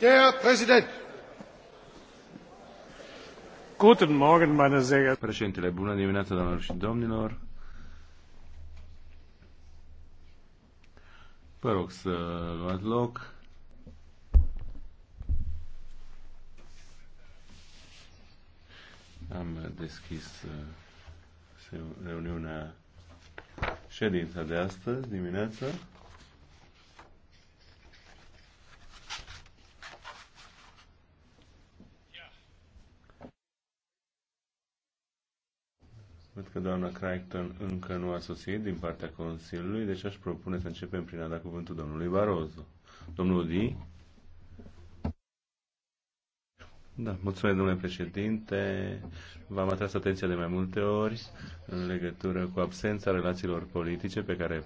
Der Präsident. Guten Morgen, meine sehr geehrten Președintele, bună dimineața, doamnelor și domnilor. Vă rog să luați loc. Am deschis uh, reuniunea ședința de astăzi dimineața. Văd că doamna Crichton încă nu a sosit din partea Consiliului, deci aș propune să începem prin a da cuvântul domnului Barozo. Domnul Di? Da, mulțumesc, domnule președinte. V-am atras atenția de mai multe ori în legătură cu absența relațiilor politice pe care